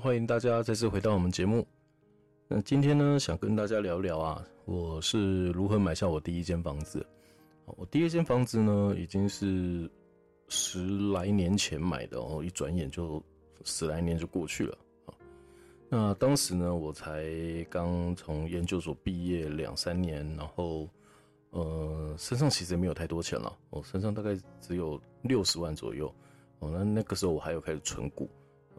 歡迎大家再次回到我們節目。那今天呢，想跟大家聊一聊啊，我是如何買下我第一間房子。我第一間房子呢，已經是十來年前買的，哦，一轉眼就十來年就過去了啊。那當時呢，我才剛從研究所畢業兩三年，然後呃，身上其實沒有太多錢了，我身上大概只有六十萬左右。哦，那那個時候我還有開始存股。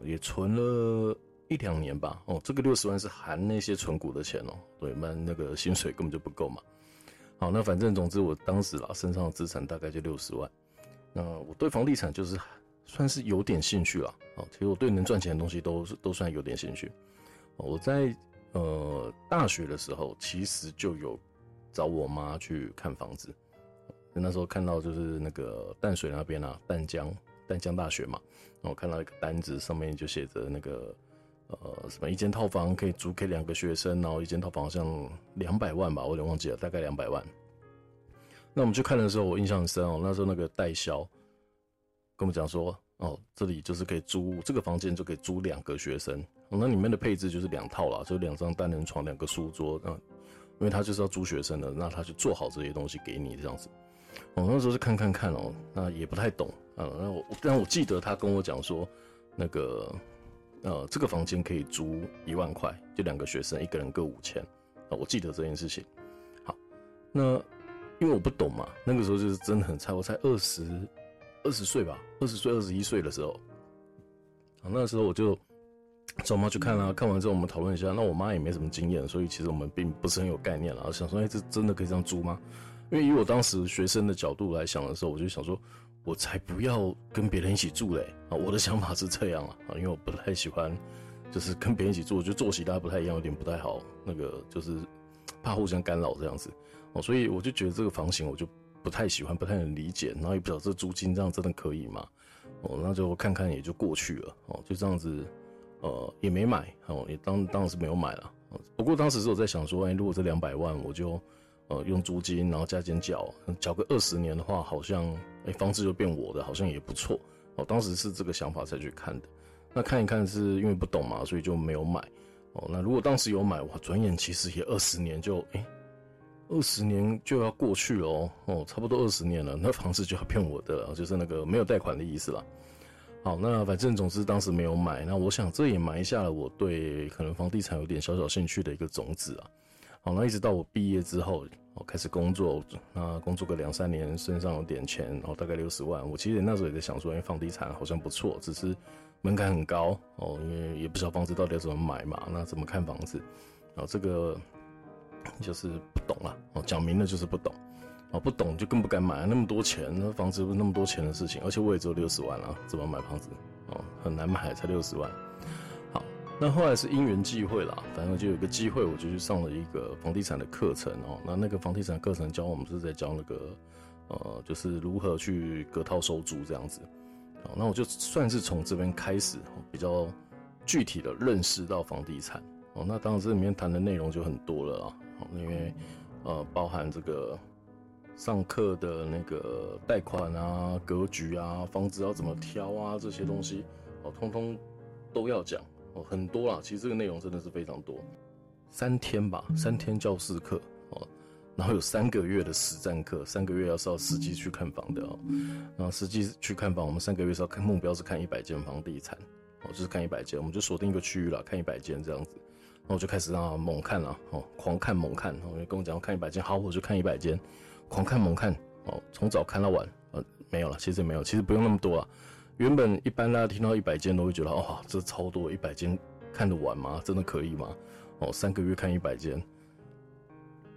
也存了一兩年吧，哦，這個六十萬是含那些存股的錢哦，對，不然那個薪水根本就不夠嘛。好，那反正總之我當時啦，身上的資產大概就六十萬。那我對房地產就是算是有點興趣了。啊，其實我對能賺錢的東西都是都算有點興趣。我在呃大學的時候，其實就有找我媽去看房子，那時候看到就是那個淡水那邊啊，淡江。淡江大學嘛，我、喔、看到一個單子，上面就寫着那個呃什麼一間套房可以租給兩個學生，然後一間套房好像兩百萬吧，我有點忘記了，大概兩百萬。那我們去看的時候，我印象很深哦、喔。那時候那個代銷跟我們講說，哦、喔，這裡就是可以租這個房間，就可以租兩個學生、喔，那裡面的配置就是兩套啦，就兩張單人床、兩個書桌，嗯、啊，因為他就是要租學生的，那他就做好這些東西給你這樣子。我、喔、那時候是看看看哦、喔，那也不太懂。嗯，那我但我記得他跟我講說，那個呃，這個房間可以租一萬塊，就兩個學生，一個人各五千。啊、嗯，我記得這件事情。好，那因為我不懂嘛，那個時候就是真的很菜，我才二十二十歲吧，二十歲二十一歲的時候。好，那時候我就找媽去看啊，看完之後我們討論一下。那我媽也沒什麼經驗，所以其實我們並不是很有概念然後想說，哎、欸，這真的可以這樣租嗎？因為以我當時學生的角度來想的時候，我就想說。我才不要跟別人一起住嘞啊！我的想法是這樣啊，因為我不太喜歡，就是跟別人一起住，就作息大家不太一樣，有點不太好，那個就是怕互相干擾這樣子哦，所以我就覺得這個房型我就不太喜歡，不太能理解，然後也不曉得這租金這樣真的可以嗎？哦，那就看看也就過去了哦，就這樣子，呃，也沒買哦，也當當然是沒有買了。不過當時是我在想說，哎，如果這兩百萬我就。呃，用租金，然後加減繳，繳個二十年的話，好像，誒，房子就變我的，好像也不錯哦。當時是這個想法才去看的。那看一看是因為不懂嘛，所以就沒有買。哦，那如果當時有買，哇，轉眼其實也二十年就，就誒，二十年就要過去了哦，差不多二十年了，那房子就要變我的了，就是那個沒有貸款的意思了。好，那反正總之當時沒有買，那我想這也埋下了我對可能房地產有點小小興趣的一個種子啊。好、哦，那一直到我畢業之後，哦，開始工作，那工作個兩三年，身上有點錢，哦，大概六十萬。我其實那時候也在想說，因為房地產好像不錯，只是門檻很高，哦，因為也不知道房子到底要怎麼買嘛，那怎麼看房子，然、哦、後這個就是不懂啊，哦，講明了就是不懂，哦，不懂就更不敢買那麼多錢，那房子不是那麼多錢的事情，而且我也只有六十萬啊，怎麼買房子？哦，很難買，才六十萬。那後來是因緣際會啦，反正就有個機會，我就去上了一個房地產的課程哦、喔。那那個房地產課程教我們是在教那個，呃，就是如何去隔套收租這樣子，喔、那我就算是從這邊開始比較具體的認識到房地產哦、喔。那當然這裡面談的內容就很多了啊，因為呃包含這個上課的那個貸款啊、格局啊、房子要怎麼挑啊這些東西，哦、喔，通通都要講。哦，很多啦，其實這個內容真的是非常多，三天吧，三天教室課哦，然後有三個月的實戰課，三個月要是要實際去看房的，哦，然後實際去看房，我們三個月是要看目標是看一百間房地產，哦，就是看一百間，我們就鎖定一個區域了，看一百間這樣子，然後就開始讓他猛看了，哦，狂看猛看，然後跟我講看一百間，好，我就看一百間，狂看猛看，哦，從早看到晚，呃，哦，沒有了，其實也沒有，其實不用那麼多啊。原本一般大家聽到一百間都會覺得，哇，這超多，一百間看得完嗎？真的可以嗎？哦，三個月看一百間。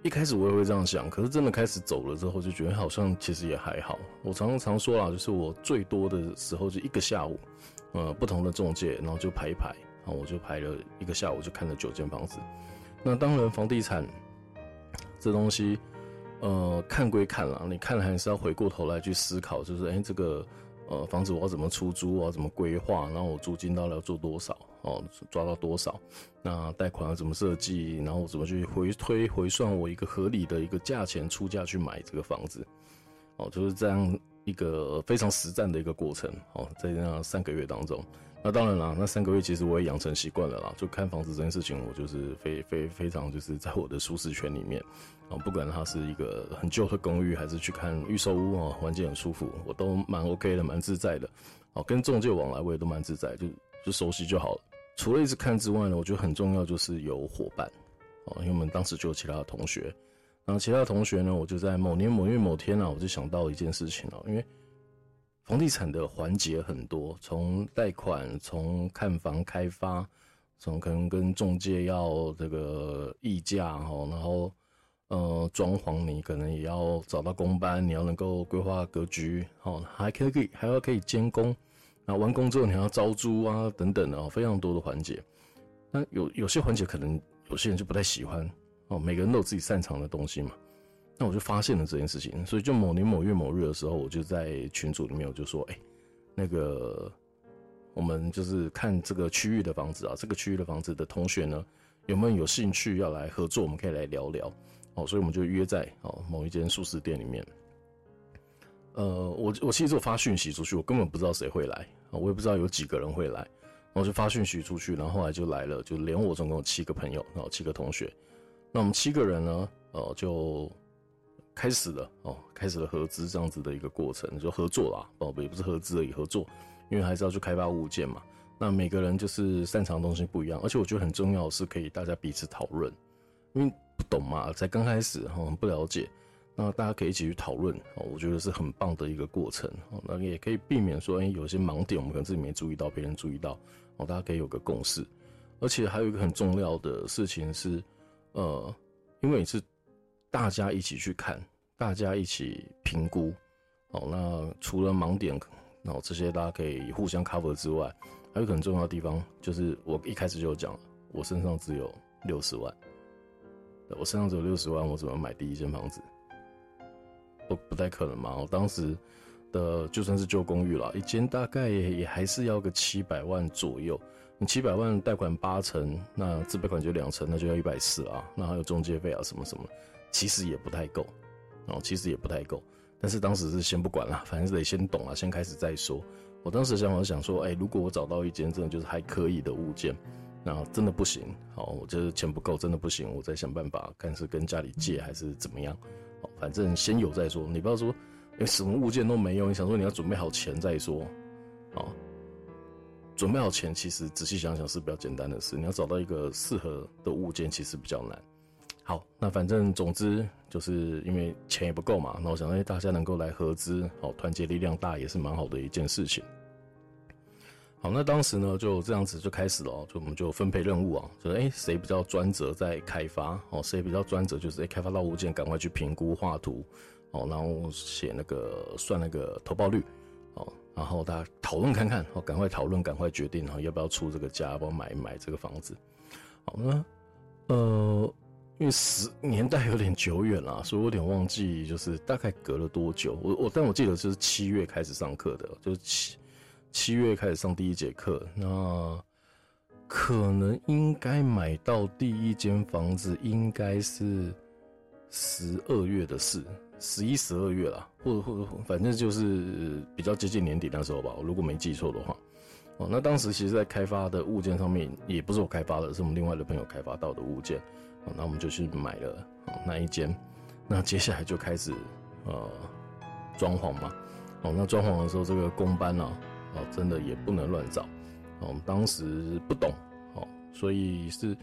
一開始我也會這樣想，可是真的開始走了之後，就覺得好像其實也還好。我常常說啊，就是我最多的時候就一個下午，呃，不同的中介，然後就排一排，然後我就排了一個下午，就看了九間房子。那當然，房地產這東西，呃，看歸看啦，你看了還是要回過頭來去思考，就是，哎、欸，這個。呃，房子我要怎麼出租啊？怎麼規劃？然後我租金到底要做多少？哦，抓到多少？那貸款要怎麼設計？然後我怎麼去回推回算我一個合理的一個價錢出價去買這個房子？哦，就是這樣一個非常實戰的一個過程。哦，在那三個月當中。那當然啦，那三個月其實我也養成習慣了啦，就看房子這件事情，我就是非非非常，就是在我的舒適圈裡面，啊，不管它是一個很舊的公寓，還是去看預售屋啊，環境很舒服，我都蠻 OK 的，蠻自在的。跟中介往來我也都蠻自在，就就熟悉就好了。除了一直看之外呢，我覺得很重要就是有夥伴，因為我們當時就有其他的同學，然後其他的同學呢，我就在某年某月某天呢、啊，我就想到一件事情哦，因為。房地產的環節很多，從貸款，從看房、開發，從可能跟中介要這個議價哈，然後，呃，裝潢你可能也要找到工班，你要能夠規劃格局，哦，還可以還要可以監工，然後完工之後你要招租啊等等的，非常多的環節。那有有些環節可能有些人就不太喜歡哦，每個人都有自己擅長的東西嘛。那我就發現了這件事情，所以就某年某月某日的時候，我就在群組裡面，我就說：“哎，那個，我們就是看這個區域的房子啊，這個區域的房子的同學呢，有沒有有興趣要來合作？我們可以來聊聊哦。”所以我們就約在哦某一間素食店裡面。呃，我我其實我發訊息出去，我根本不知道誰會來，我也不知道有幾個人會來，我就發訊息出去，然後，後來就來了，就連我總共有七個朋友，然後七個同學，那我們七個人呢，呃就。開始了哦，開始了合資這樣子的一個過程，就合作啦，寶貝，不是合資而已，合作，因為還是要去開發物件嘛。那每個人就是擅長的東西不一樣，而且我覺得很重要的是可以大家彼此討論，因為不懂嘛，才剛開始哈，不了解，那大家可以一起去討論哦，我覺得是很棒的一個過程哦。那也可以避免說，哎、欸，有些盲點我們可能自己沒注意到，別人注意到哦，大家可以有個共識。而且還有一個很重要的事情是，呃，因為你是。大家一起去看，大家一起評估，哦，那除了盲點，那這些大家可以互相 cover 之外，還有很重要的地方就是我一開始就講，我身上只有六十萬，我身上只有六十萬，我怎麼買第一間房子？不不太可能嘛？我當時的就算是舊公寓了，一間大概也還是要個七百萬左右，你七百萬貸款八成，那自備款就兩成，那就要一百四啊，那還有中介費啊，什麼什麼。其實也不太夠，哦，其實也不太夠，但是當時是先不管了，反正得先懂啊，先開始再說。我當時想法是想說，哎、欸，如果我找到一間真的就是還可以的物件，那真的不行，哦，我就是錢不夠，真的不行，我再想辦法，看是跟家裡借還是怎麼樣，哦，反正先有再說。你不要說，哎、欸，什麼物件都沒有，你想說你要準備好錢再說，哦，準備好錢其實仔細想想是比較簡單的事，你要找到一個適合的物件其實比較難。好，那反正總之就是因為錢也不夠嘛，那我想，哎，大家能夠來合資，哦，團結力量大也是蠻好的一件事情。好，那當時呢就這樣子就開始了，就我們就分配任務啊，就是誰比較專責在開發，哦，誰比較專責就是開發到物件趕快去評估畫圖，哦，然後寫那個算那個投報率，哦，然後大家討論看看，哦，趕快討論，趕快決定啊，要不要出這個價，要不要買買這個房子？好，那呃。因為時年代有點久遠啦，啊，所以我有點忘記，就是大概隔了多久。我我，但我記得就是七月開始上課的，就是七七月開始上第一節課。那可能應該買到第一間房子，應該是十二月的事，十一、十二月啦，或者或者反正就是比較接近年底那時候吧。我如果沒記錯的話，哦，那當時其實在開發的物件上面，也不是我開發的，是我們另外的朋友開發到的物件。那我們就去買了那一間，那接下來就開始呃裝潢嘛。哦，那裝潢的時候，這個工班啊，哦，真的也不能亂找。哦，我們當時不懂，哦，所以是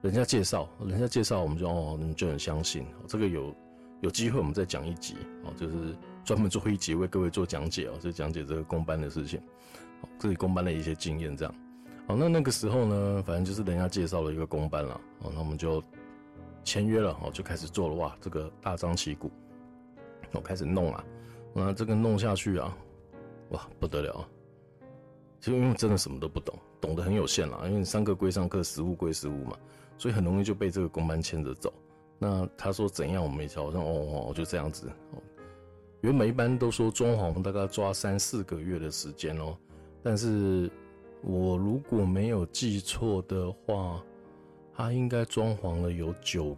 人家介紹，人家介紹，我們就哦你們就很相信。這個有有機會我們再講一集哦，就是專門做一集為各位做講解哦，就講、是、解這個工班的事情，這裡工班的一些經驗這樣。哦，那那個時候呢，反正就是人家介紹了一個工班了。哦，那我們就。簽約了，哦，就開始做了哇！這個大張旗鼓，我開始弄了、啊，那、啊、這個弄下去啊，哇，不得了啊！其實因為真的什麼都不懂，懂得很有限啦。因為上課歸上課，實務歸實務嘛，所以很容易就被這個工班牽着走。那他說怎樣我沒瞧，我說哦，我、哦、就這樣子、哦。原本一般都說裝潢大概抓三四個月的時間哦，但是我如果沒有記錯的話。他應該裝潢了有九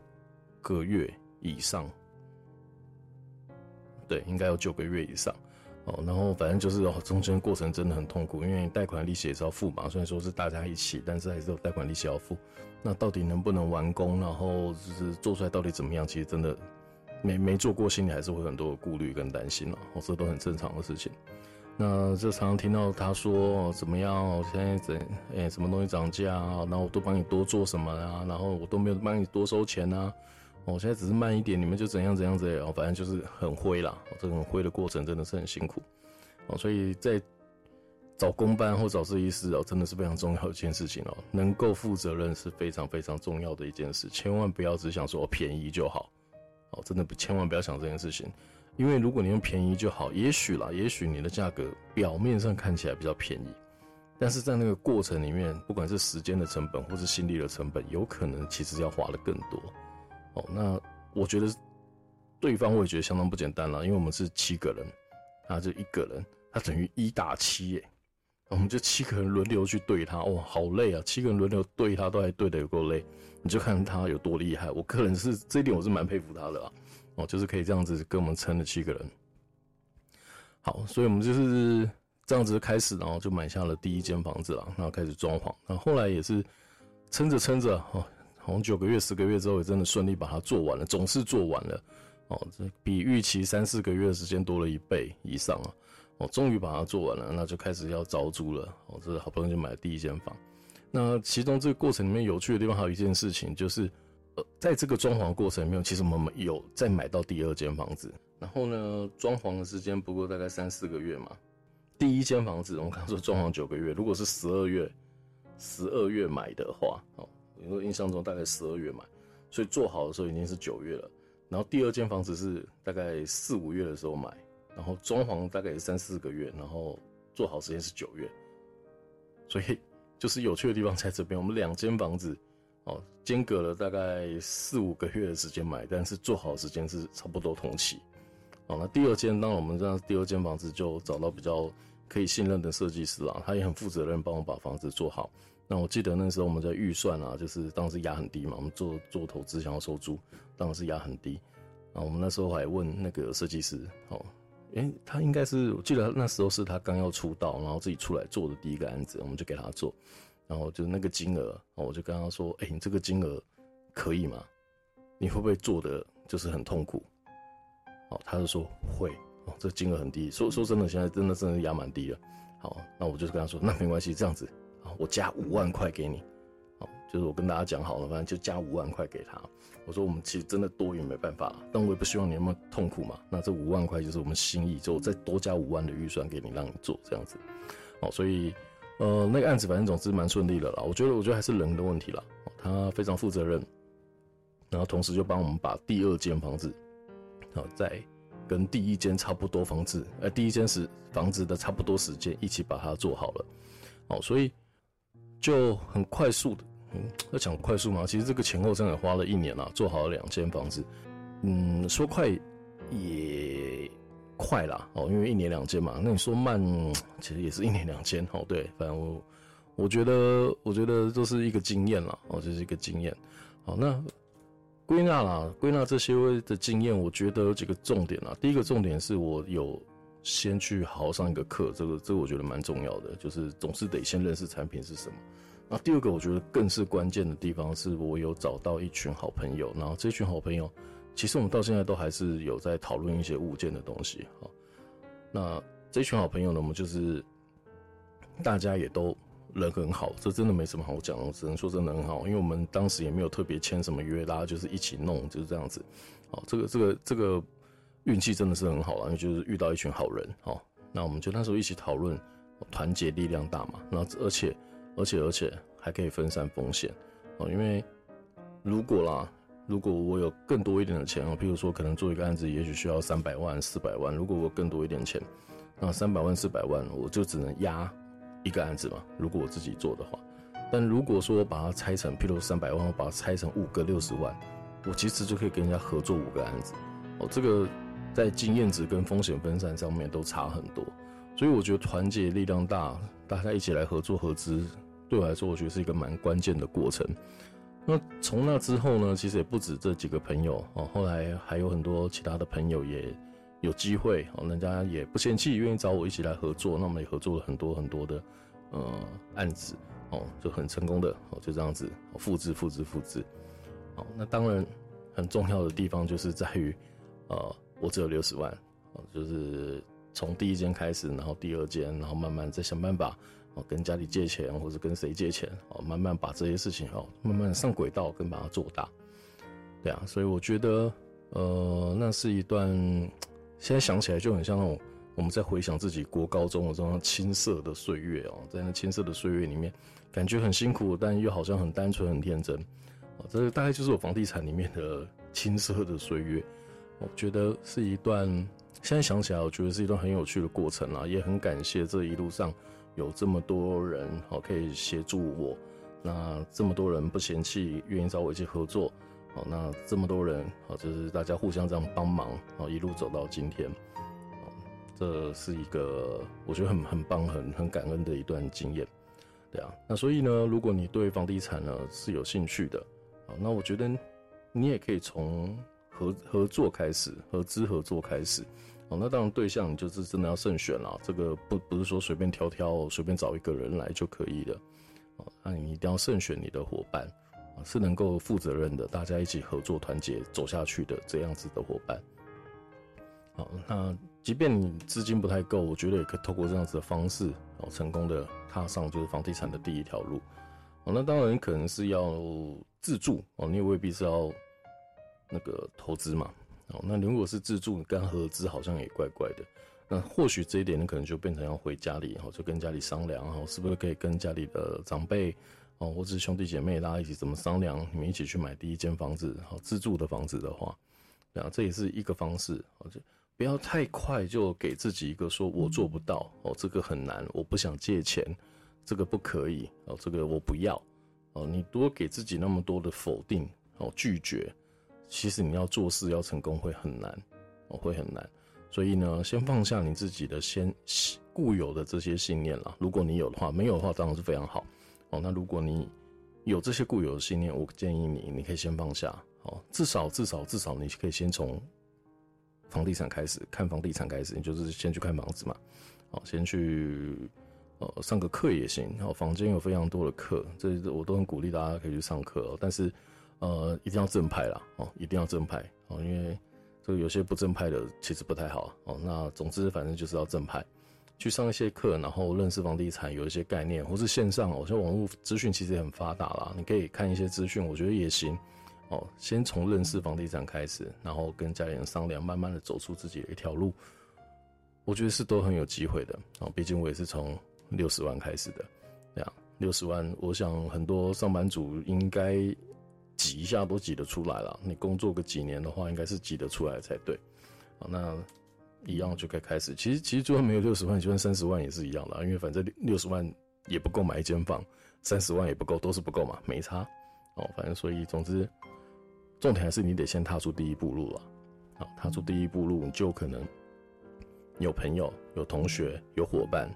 個月以上，對，應該有九個月以上。哦，然後反正就是中間過程真的很痛苦，因為貸款利息也是要付嘛。雖然說是大家一起，但是還是有貸款利息要付。那到底能不能完工？然後就是做出來到底怎麼樣？其實真的沒沒做過，心裡還是會有很多顧慮跟擔心哦、喔，這都很正常的事情。那就常常聽到他說、哦、怎麼樣，哦、現在怎誒、欸、什麼東西漲價啊？然後我都幫你多做什麼啊？然後我都沒有幫你多收錢啊！我、哦、現在只是慢一點，你們就怎樣怎樣子？哦，反正就是很灰啦，哦、這種灰的過程真的是很辛苦、哦、所以在找工班或找設計師哦，真的是非常重要的一件事情哦。能夠負責任是非常非常重要的一件事，千萬不要只想說、哦、便宜就好哦，真的千萬不要想這件事情。因為如果你用便宜就好，也許啦，也許你的價格表面上看起來比較便宜，但是在那個過程裡面，不管是時間的成本，或是心力的成本，有可能其實要花得更多。哦，那我覺得對方會覺得相當不簡單了，因為我們是七個人，他就一個人，他等於一打七耶，我們就七個人輪流去對他，哇、哦，好累啊！七個人輪流對他都還對得，有夠累，你就看他有多厲害，我個人是這一點，我是蠻佩服他的啊。哦，就是可以這樣子跟我們撐了七個人，好，所以我們就是這樣子開始，然後就買下了第一間房子了，然後開始裝潢，那後來也是撐着撐着，哦，好像九個月、十個月之後，也真的順利把它做完了，總是做完了，哦，這比預期三四個月的時間多了一倍以上啊，哦，終於把它做完了，那就開始要招租了，哦，這好不容易就買了第一間房，那其中這個過程裡面有趣的地方還有一件事情就是。呃、在這個裝潢過程裡面，其實我們有再買到第二間房子。然後呢，裝潢的時間不過大概三四個月嘛。第一間房子，我們剛說裝潢九個月，嗯、如果是十二月，十二月買的話，哦、喔，我印象中大概十二月買，所以做好的時候已經是九月了。然後第二間房子是大概四五月的時候買，然後裝潢大概三四個月，然後做好時間是九月。所以就是有趣的地方在這邊，我們兩間房子。哦，間隔了大概四五個月的時間買，但是做好的時間是差不多同期。好，那第二間，當然我們這樣第二間房子就找到比較可以信任的設計師啦、啊，他也很負責任，幫我把房子做好。那我記得那時候我們在預算啊，就是當時壓很低嘛，我們做做投資想要收租，當時壓很低。那我們那時候還問那個設計師，哦，誒、欸，他應該是我記得那時候是他剛要出道，然後自己出來做的第一個案子，我們就給他做。然後就是那個金額，我就跟他說：“哎、欸，你這個金額可以嗎？你會不會做的就是很痛苦？”哦，他就說會。哦，這金額很低。說說真的，現在真的真的壓蠻低了。好、哦，那我就跟他說：“那沒關係，這樣子，哦、我加五萬塊給你。哦”好，就是我跟大家講好了，反正就加五萬塊給他。我說我們其實真的多也沒辦法，但我也不希望你那麼痛苦嘛。那這五萬塊就是我們心意，就我再多加五萬的預算給你，讓你做這樣子。好、哦，所以。呃，那個案子反正總之蠻順利的啦。我覺得，我覺得還是人的問題啦。喔、他非常負責任，然後同時就幫我們把第二間房子，好、喔，再跟第一間差不多房子，呃、欸，第一間是房子的差不多時間一起把它做好了。哦、喔，所以就很快速的，嗯，要講快速嘛，其實這個前後真的花了一年啦，做好了兩間房子。嗯，說快也快啦，哦，因為一年兩間嘛，那你說慢，其實也是一年兩間哦。對，反正我我覺得，我覺得這是一個經驗啦。哦，這是一個經驗。好，那歸納啦，歸納這些的經驗，我覺得有幾個重點啦。第一個重點是我有先去好好上一個課，這個這個我覺得蠻重要的，就是總是得先認識產品是什麼。那第二個，我覺得更是關鍵的地方，是我有找到一群好朋友，然後這群好朋友。其實我們到現在都還是有在討論一些物件的東西。那這群好朋友呢，我們就是大家也都人很好，這真的沒什麼好講，我只能說真的很好。因為我們當時也沒有特別簽什麼約，大家就是一起弄，就是這樣子。哦，這個這個這個運氣真的是很好啊，就是遇到一群好人。好，那我們就那時候一起討論，團結力量大嘛。然後而且而且而且還可以分散風險，因為如果啦。如果我有更多一點的錢，譬如說可能做一個案子，也許需要三百萬、四百萬。如果我更多一點錢，那三百萬、四百萬我就只能壓一個案子嘛。如果我自己做的話，但如果說我把它拆成，譬如三百萬，我把它拆成五個六十萬，我其實就可以跟人家合作五個案子。哦，這個在經驗值跟風險分散上面都差很多，所以我覺得團結力量大，大家一起來合作合資，對我來說，我覺得是一個蠻關鍵的過程。那從那之後呢？其實也不止這幾個朋友哦，後來還有很多其他的朋友也有機會，人家也不嫌棄，願意找我一起來合作，那麼也合作了很多很多的呃案子哦，就很成功的，就這樣子複制、複制、複制。哦，那當然很重要的地方就是在於，呃，我只有六十萬，就是從第一間開始，然後第二間，然後慢慢再想辦法。跟家裡借錢，或者跟誰借錢，哦，慢慢把這些事情哦，慢慢上軌道，跟把它做大，對啊，所以我覺得，呃，那是一段，現在想起來就很像那種我們在回想自己國高中的這樣青澀的歲月哦，在那青澀的歲月裡面，感覺很辛苦，但又好像很單純、很天真，哦，這個大概就是我房地產裡面的青澀的歲月，我覺得是一段，現在想起來，我覺得是一段很有趣的過程啊，也很感謝這一路上。有這麼多人好，可以協助我，那這麼多人不嫌棄，願意找我一起合作，好，那這麼多人好，就是大家互相這樣幫忙，好，一路走到今天，這是一個我覺得很很棒、很很感恩的一段經驗，對啊，那所以呢，如果你對房地產呢是有興趣的，好，那我覺得你也可以從合合作開始，合資合作開始。哦，那當然，對象就是真的要慎選啦、啊，這個不不是說隨便挑挑、隨便找一個人來就可以的。哦，那你一定要慎選你的夥伴，啊、哦，是能夠負責任的，大家一起合作、團結走下去的這樣子的夥伴。好、哦，那即便你資金不太夠，我覺得也可以透過這樣子的方式，然後、哦，成功的踏上就是房地產的第一條路。哦，那當然可能是要自住哦，你也未必是要那個投資嘛。哦，那如果是自住，你跟合資好像也怪怪的。那或許這一點，你可能就變成要回家裡，就跟家裡商量，是不是可以跟家裡的長輩，或者是兄弟姐妹，大家一起怎麼商量？你們一起去買第一間房子，自住的房子的話，啊，這也是一個方式，不要太快就給自己一個說我做不到，哦，這個很難，我不想借錢，這個不可以，哦，這個我不要，哦，你多給自己那麼多的否定，哦，拒絕。其實你要做事要成功會很難，喔，會很難。所以呢，先放下你自己的先固有的這些信念啦。如果你有的話，沒有的話，當然是非常好哦，喔。那如果你有這些固有的信念，我建議你，你可以先放下哦，喔。至少至少至少，至少你可以先從房地產開始，看房地產開始，你就是先去看房子嘛。喔，先去，呃，上個課也行。喔，房間有非常多的課，這我都很鼓勵大家可以去上課，喔，但是。呃，一定要正派啦，哦，一定要正派哦，因為這個有些不正派的其實不太好哦。那總之反正就是要正派，去上一些課，然後認識房地產有一些概念，或是線上哦，像網絡資訊其實也很發達啦，你可以看一些資訊，我覺得也行哦。先從認識房地產開始，然後跟家裡人商量，慢慢的走出自己的一條路，我覺得是都很有機會的啊。畢竟我也是從六十萬開始的，這樣六十萬，我想很多上班族應該。擠一下都擠得出來了，你工作個幾年的話，應該是擠得出來才對。好，那一樣就該開始。其實其實就算沒有六十萬，就算三十萬也是一樣的啦，因為反正六十萬也不夠買一間房，三十萬也不夠，都是不夠嘛，沒差。哦，反正所以總之，重點還是你得先踏出第一步路了。好，踏出第一步路，你就可能有朋友、有同學、有伙伴。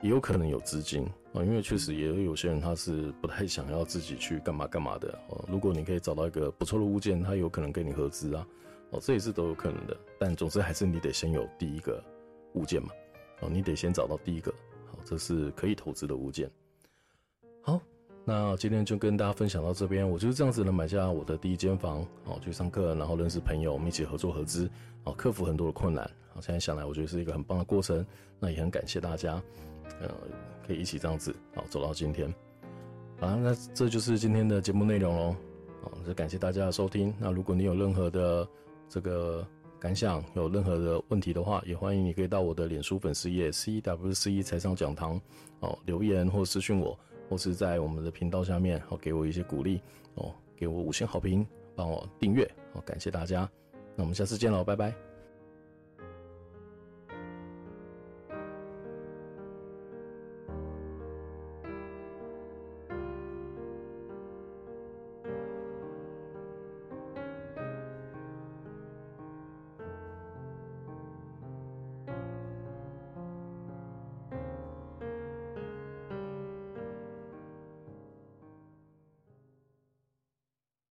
也有可能有資金啊，因為確實也有些人他是不太想要自己去幹嘛幹嘛的哦。如果你可以找到一個不錯的物件，他有可能跟你合資啊，哦，這也是都有可能的。但總之還是你得先有第一個物件嘛，哦，你得先找到第一個好，這是可以投資的物件。好，那今天就跟大家分享到這邊，我就是這樣子能買下我的第一間房，哦，去上課，然後認識朋友，我們一起合作合資，哦，克服很多的困難，現在想來我覺得是一個很棒的過程。那也很感謝大家。呃，可以一起這樣子，好，走到今天，好、啊，那這就是今天的節目內容嘍。好，這感謝大家的收聽。那如果你有任何的這個感想，有任何的問題的話，也歡迎你可以到我的臉書粉絲頁 CWC 財商講堂，哦，留言或私訊我，或是在我們的頻道下面，好、喔、給我一些鼓勵，哦、喔、給我五星好評，幫我訂閱，好、喔、感謝大家，那我們下次見嘍，拜拜。